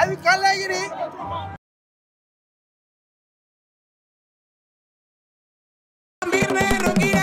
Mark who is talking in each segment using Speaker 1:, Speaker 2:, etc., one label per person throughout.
Speaker 1: ay kon léegi nii mbir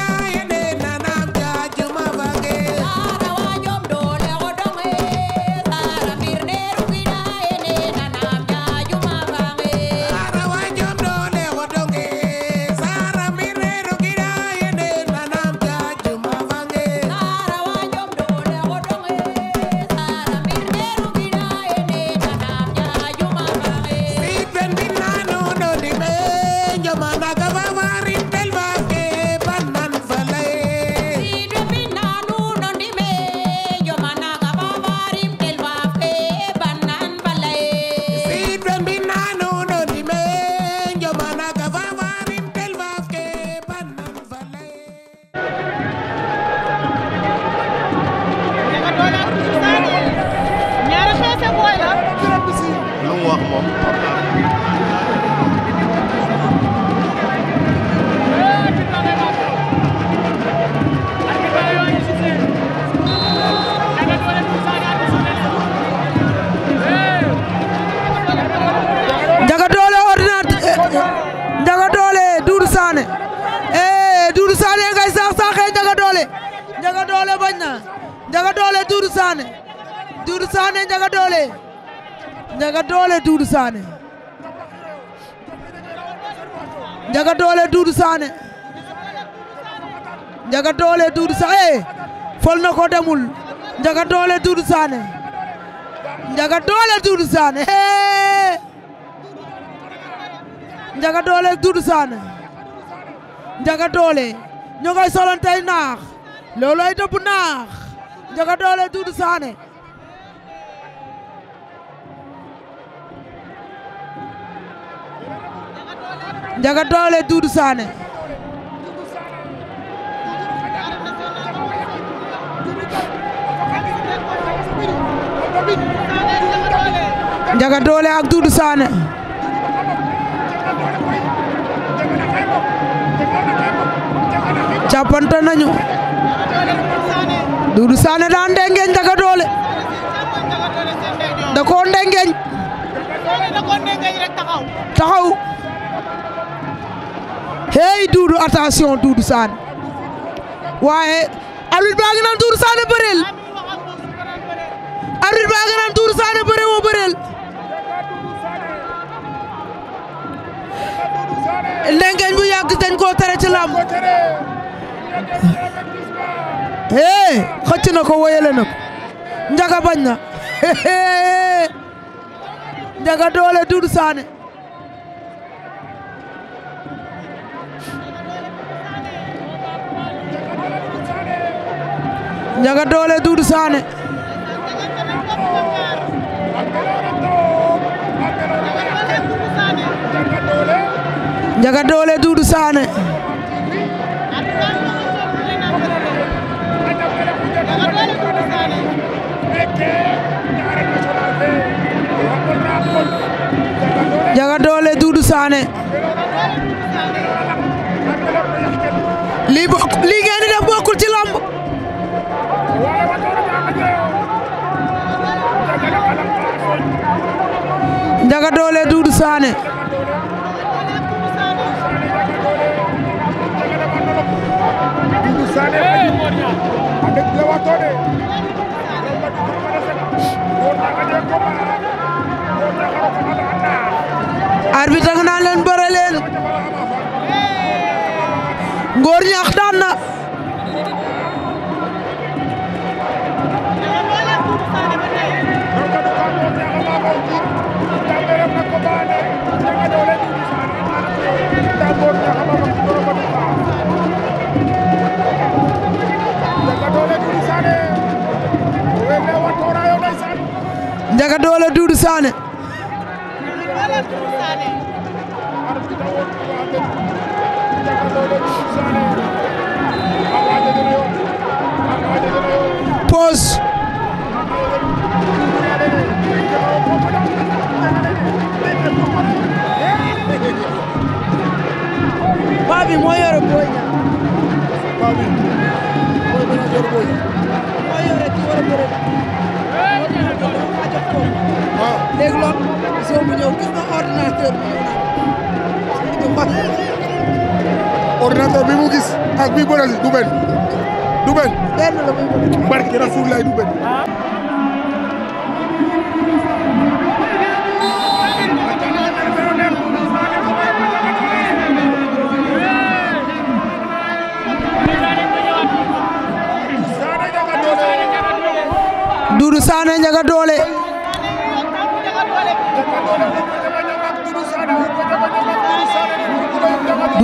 Speaker 1: Sané Ndiaga Dolé Ndiaga Dolé Doudou Sané Ndiaga Dolé Doudou Sané Ndiaga Dolé Doudou Sané eh, fol na ko demul Ndiaga Dolé Doudou Sané Ndiaga Dolé Doudou Sané eh, Ndiaga Dolé Doudou Sané Ndiaga Dolé ñoo ngay solon tey naax loolooy dëpp naax Ndiaga Dolé Doudou Sané Ndiaga Dolé Doudou Sané Ndiaga Dolé ak Doudou Sané jàppante nañu Doudou Sané daa ndengeñ Ndiaga Dolé da koo ndengeñ taxaw hey Doudou attention Doudou Sané waaye arbitre baa ngi naan Doudou Sané bëreel arbitre baa ngi naan Doudou Sané bëree woo bu yàgg dañ koo tere ci làmb hey xëcc na ko woyale na ko njaga bañ na njaga doole Doudou Sané Ndiaga Dolé Doudou Sané Ndiaga Dolé Doudou Sané Ndiaga Dolé Doudou Sané lii bokk lii ngeen di bokkul ci lamb Sané arbitre leen bëre leen Ngor Ñax Naka doole Doudou soo mu ñëw gis nga du du benn benn la muy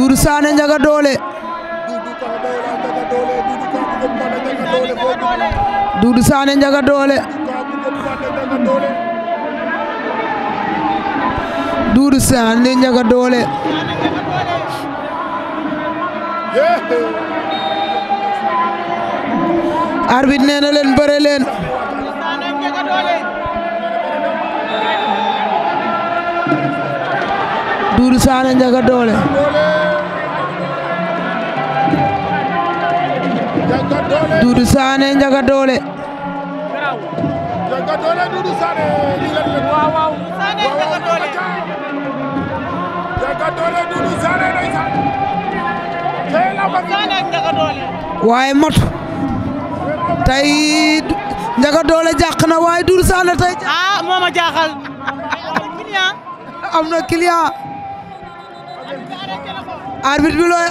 Speaker 1: Doudou Sané Ndiaga Dolé Doudou Sané Ndiaga doole Doudou Sané Ndiaga Dolé arbitre nee leen bëre leen Doudou Sané Ndiaga Dolé Doudou Sané Ndiaga Dolé waaye mot tey Ndiaga Dolé jàq na waaye Doudou Sané tey ah moo ma am na client arbitre bi looy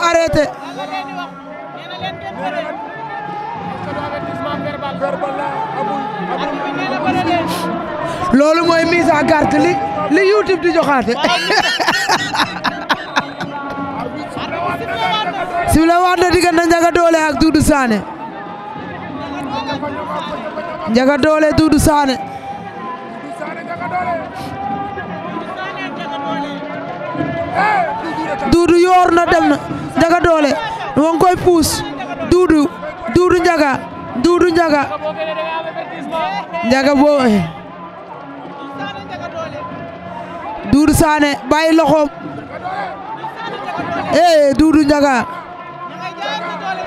Speaker 1: loolu mooy mise en garde li li YouTube di joxaate si la waat na diggante Ndiaga Dolé ak Doudou Sané Ndiaga Dolé Doudou Sané Doudou yoor na koy puus Doudou Doudou Ndiaga Duudu Njaga Njaga booy Duudu Saane bàyyi loxoom ee eh, Duudu Njaga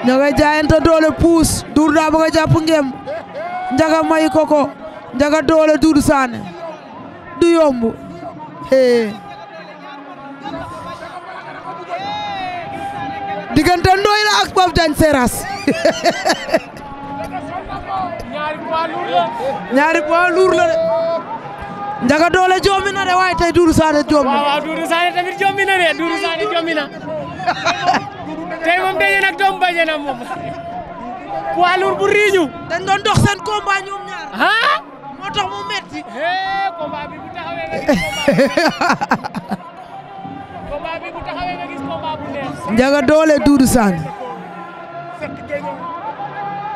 Speaker 1: ñoo ngay jaayante doole puus Duudu daa bëgg a jàpp ngem Njaga may koko Njaga doole Duudu Saane du yomb ee eh. diggante Ndoy la ak Pape Diagne ñaari poids lourd la de. Ndiaga Dolé jommi na de waaye tey Doudou Sané jommi. waaw waaw Doudou Sané tamit jommi na de tey moom daje nag doom bañe na moom. poids lourd bu riñu. dañ doon dox seen combat ñoom ñaar. ah. moo tax mu metti. hee combat bi bu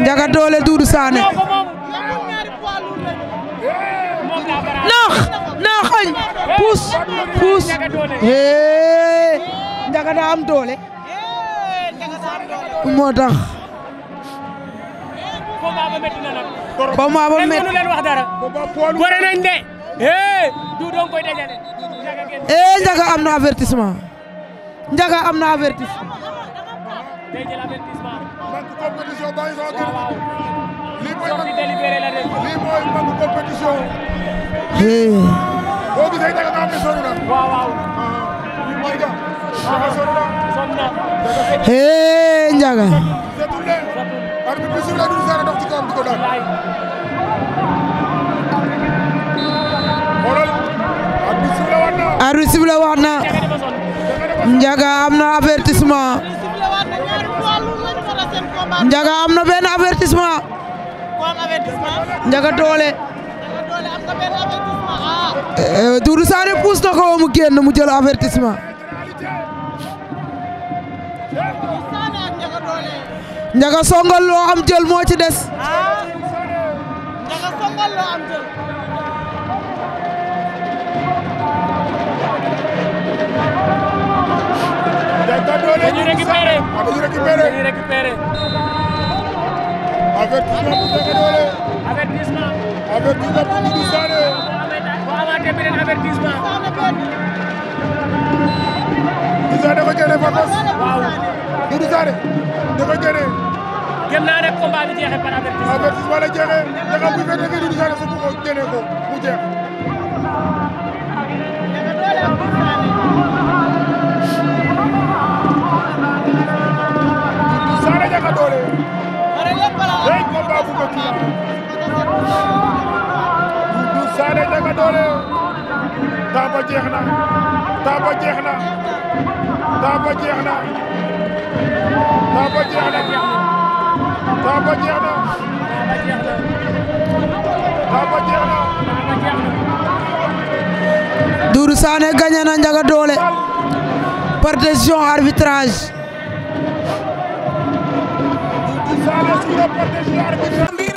Speaker 1: Ndiaga Dolé Doudou Sané naax naax puus puus hee Ndiaga daa am doole moo tax ba maa ba met gore nañ de hee du am na avertissement Ndiaga am na avertissement. day jël avertissement. man wax na. Ndiaga am na avertissement Ndiaga am na benn avertissement Ndiaga Dolé eh, Doudou Sané puus na ko mu génn mu jël avertissement Ndiaga songal loo am jël moo ci des ah. dañuy récupéré ah, dañuy récupéré dañuy récupéré. avertissement bu Saka Dollé. avertissement. avertissement bu Doudou Sané. bu amaatee beneen avertissement. Doudou Sané dafa génne Farfos. waaw Doudou Sané dafa génne. gëm naa ne combat bi jeexee par avertissement. avertissement la jeexee da nga bu fekkee Doudou Sané su ko génne ko mu jeex. da ka doole rey combat bu ko doole temps ba jeex na temps ba jeex na temps ba jeex na temps ba jeex na temps ba jeex arbitrage Vamos proteger a